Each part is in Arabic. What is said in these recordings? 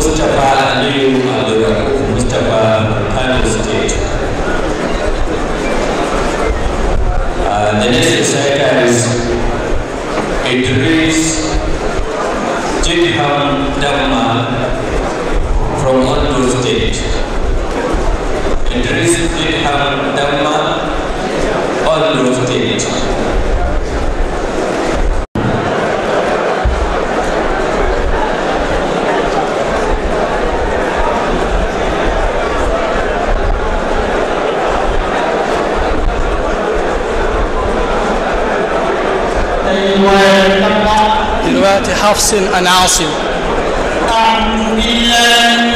Mustapha Aliyu Abdulrahman Mustapha Kano State. Uh, the next speaker is Idris Jikham Dhamma from Hondur State. Idris Jikham Dhamma, Hondur State. Hafsin have seen Um, yeah.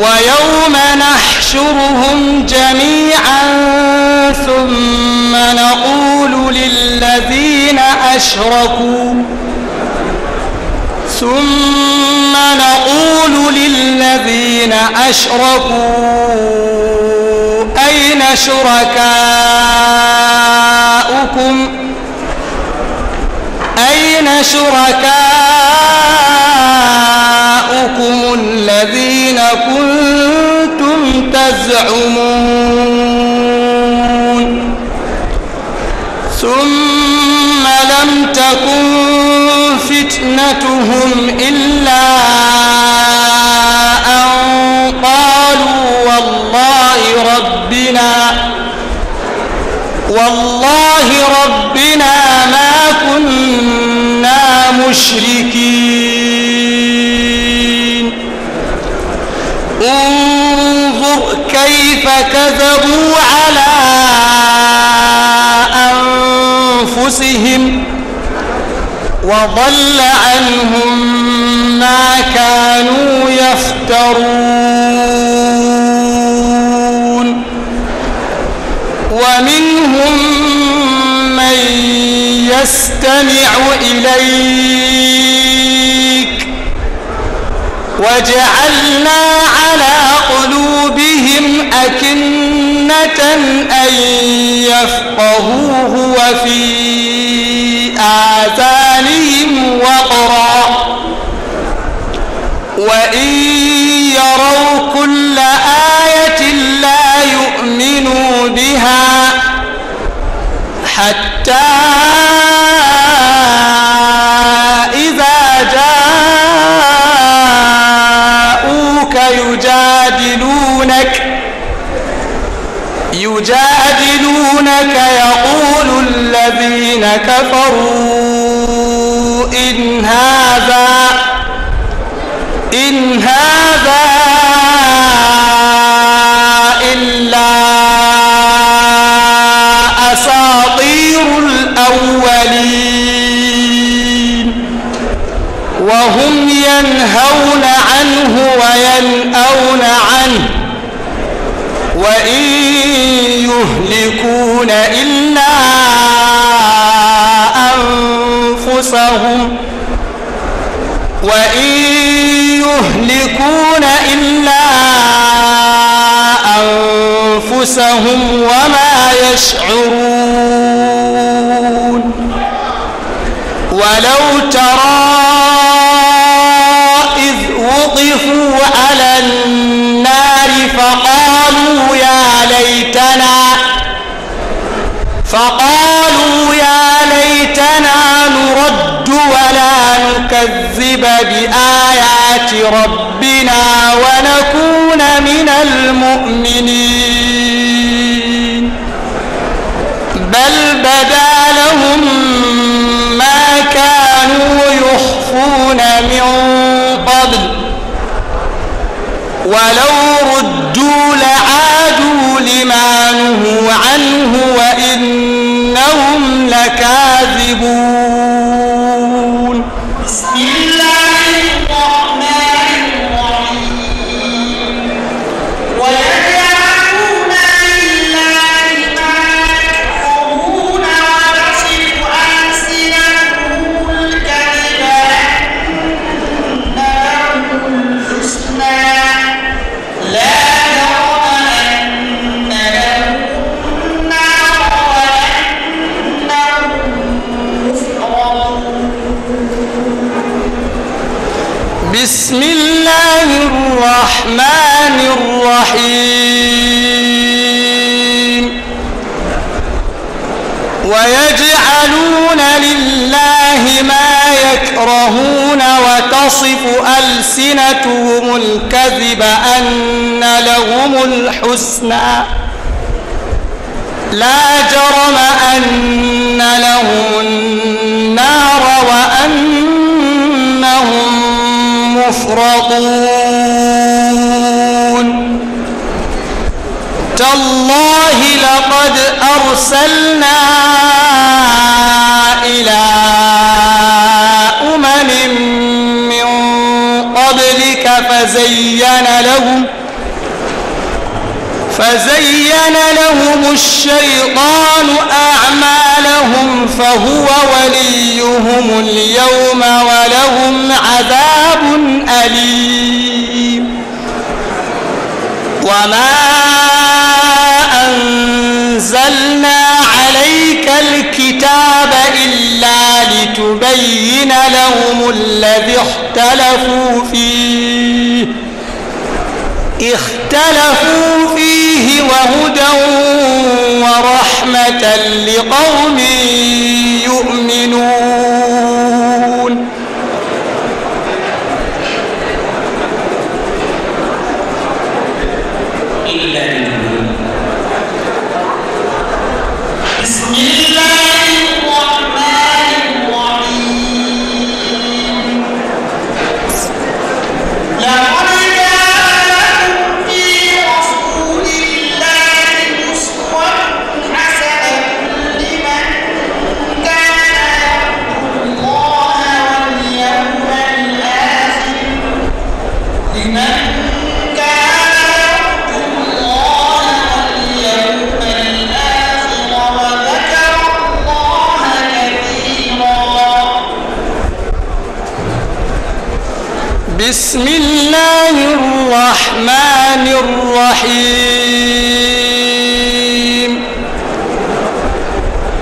ويوم نحشرهم جميعا ثم نقول للذين أشركوا ثم نقول للذين أشركوا أين شركاؤكم أين شركاؤكم أبناؤكم الذين كنتم تزعمون ثم لم تكن فتنتهم إلا أن قالوا والله ربنا والله ربنا ما كنا مشركين كذبوا على أنفسهم وضل عنهم ما كانوا يفترون ومنهم من يستمع إليك وجعلنا أن يفقهوه وفي آذانهم وقرا وإن يروا كل آية لا يؤمنوا بها حتى إذا جاءوك يجادلونك يجادلونك يقول الذين كفروا إن هذا إن هذا إلا أساطير الأولين وهم ينهون عنه وينأون عنه وإن يملكون إلا أنفسهم وإن يهلكون إلا أنفسهم وما يشعرون ولو ترى إذ وقفوا على النار نكذب بآيات ربنا ونكون من المؤمنين بل بدا لهم ما كانوا يخفون من قبل ولو ردوا لعادوا لما نهوا عنه وإنهم لكانوا يكرهون وتصف ألسنتهم الكذب أن لهم الحسنى لا جرم أن لهم النار وأنهم مفرطون تالله لقد أرسلنا فزين لهم فزين لهم الشيطان أعمالهم فهو وليهم اليوم ولهم عذاب أليم وما أنزلنا عليك الكتاب إلا لتبين لهم الذي اختلفوا فيه اختلفوا فيه وهدى ورحمة لقوم بسم الله الرحمن الرحيم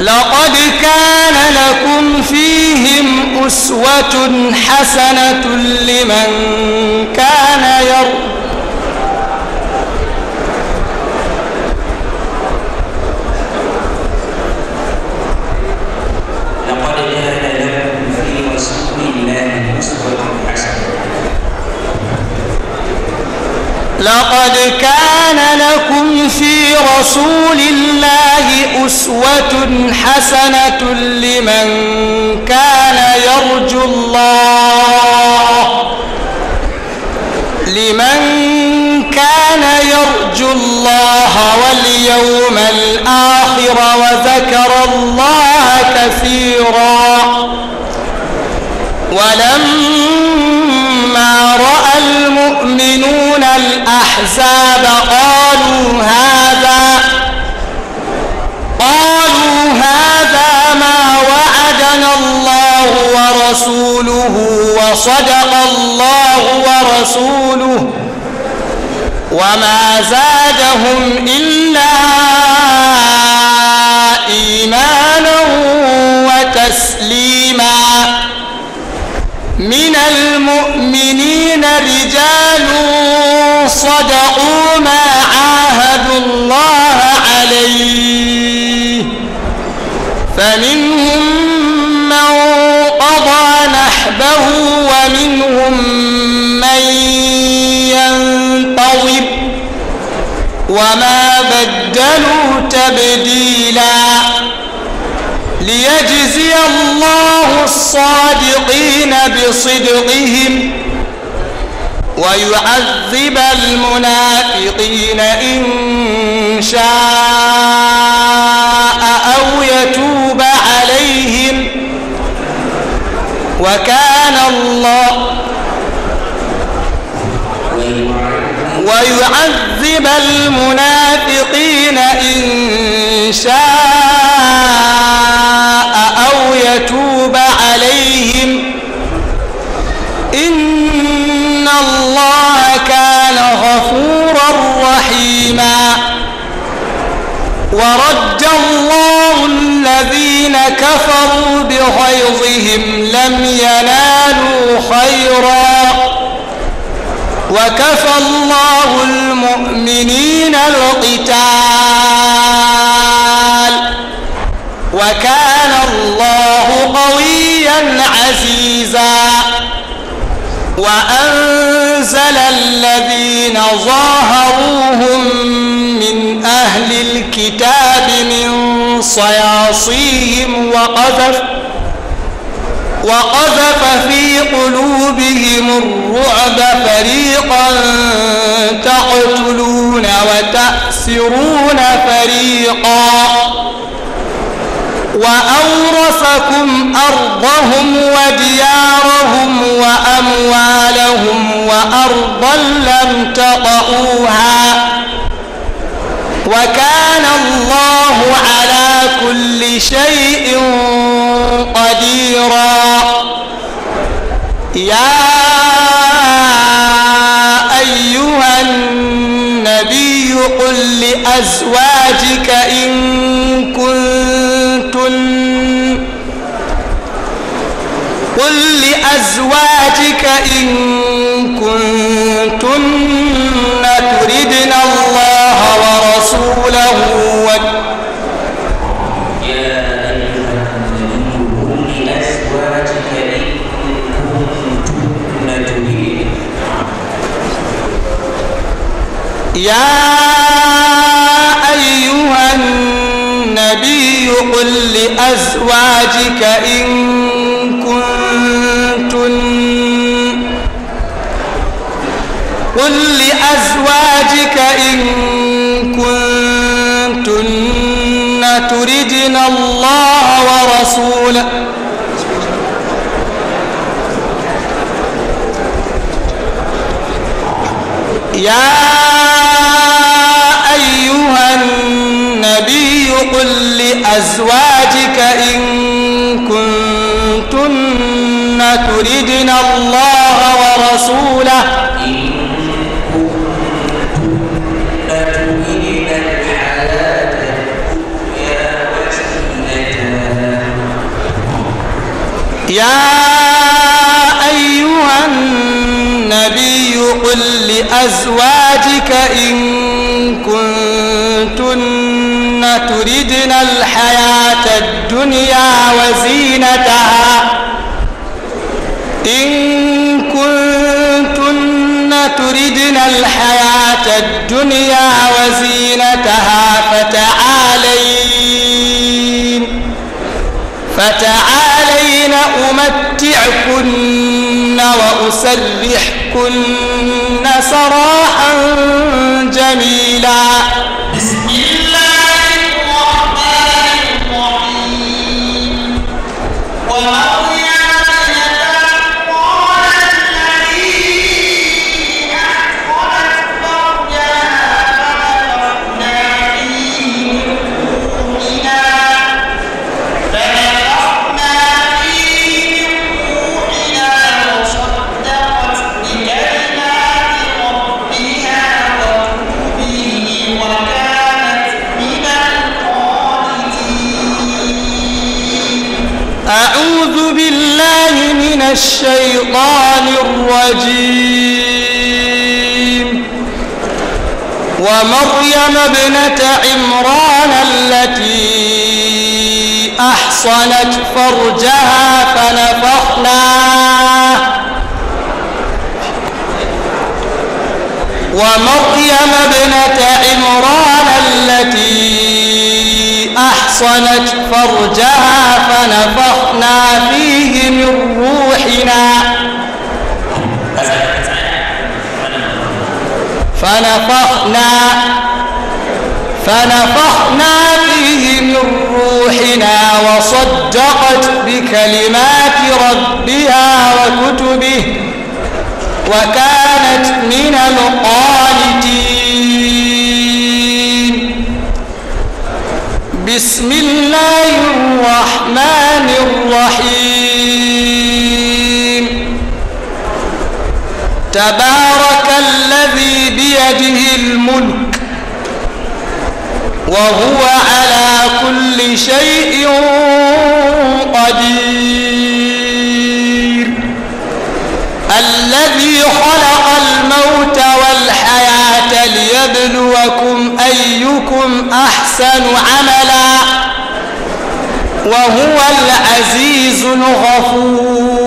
لقد كان لكم فيهم أسوة حسنة لمن كان يرجو لقد كان لكم في رسول الله أسوة حسنة لمن كان يرجو الله لمن كان يرجو الله واليوم الآخر وذكر الله كثيرا ولم يحسبون الأحزاب قالوا هذا قالوا هذا ما وعدنا الله ورسوله وصدق الله ورسوله وما زادهم إلا إيمانا وتسليما من المؤمنين رجال صدقوا ما عاهدوا الله عليه فمنهم من قضى نحبه ومنهم من ينتظر وما بدلوا تبديلا ليجزي الله الصادقين بصدقهم ويعذب المنافقين إن شاء أو يتوب عليهم وكان الله ويعذب المنافقين إن شاء كفروا بغيظهم لم ينالوا خيرا وكفى الله المؤمنين القتال وكان الله قويا عزيزا وأنزل الذين ظاهروهم من أهل الكتاب من صياصيهم وقذف وقذف في قلوبهم الرعب فريقا تقتلون وتأسرون فريقا وأورثكم أرضهم وديارهم وأموالهم وأرضا لم تطئوها وكان الله على شيء قديرا يا أيها النبي قل لأزواجك إن كنتن قل لأزواجك إن كنتن تردن الله ورسوله والتقوى يا أيها النبي قل لأزواجك إن كنتن قل لأزواجك إن كنتن تردن الله ورسوله يا النبي قل لأزواجك إن كنتن تردن الله ورسوله يا أيها النبي قل لأزواجك إن تردن الحياة الدنيا وزينتها إن كنتن تردن الحياة الدنيا وزينتها فتعالين فتعالين أمتعكن وأسرحكن سراحا جميلا الشيطان الرجيم ومريم ابنة عمران التي أحصنت فرجها فنفخنا ومريم ابنة عمران التي أحصنت فرجها فنفخنا فيه من روحنا فنفخنا فنفخنا فيه من روحنا وصدقت بكلمات ربها وكتبه وكانت من القانتين بسم الله الرحمن الرحيم تبارك الذي بيده الملك وهو على كل شيء قدير الذي خلق الموت والحياة ليبلوكم أيكم أحسن عملا وهو العزيز الغفور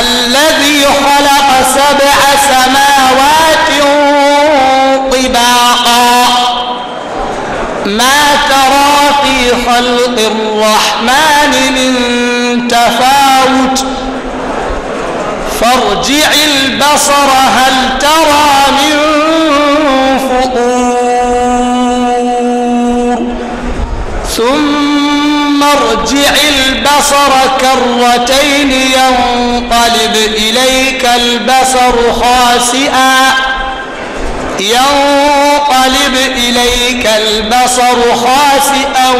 الذي خلق سبع سماوات طباقا ما ترى في خلق الرحمن من تفاوت فارجع البصر هل ترى من فطور ثم البصر كرتين ينقلب إليك البصر خاسئا ينقلب إليك البصر خاسئا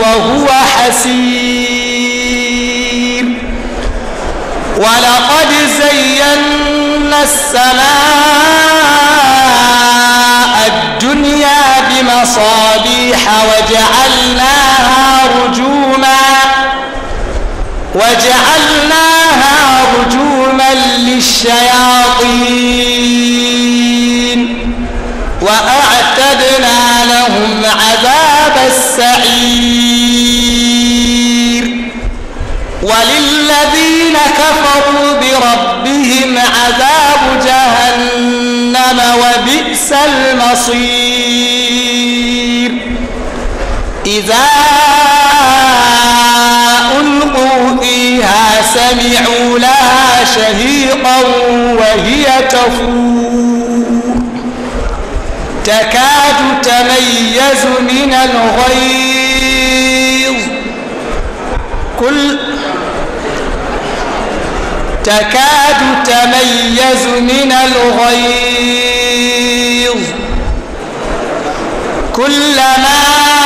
وهو حسير ولقد زينا السماء الدنيا بمصابيح وجعلناها رجوما وجعلناها رجوما للشياطين وأعتدنا لهم عذاب السعير وللذين كفروا بربهم عذاب جهنم وبئس المصير إذا سمعوا لها شهيقا وهي تفور تكاد تميز من الغيظ كل تكاد تميز من الغيظ كلما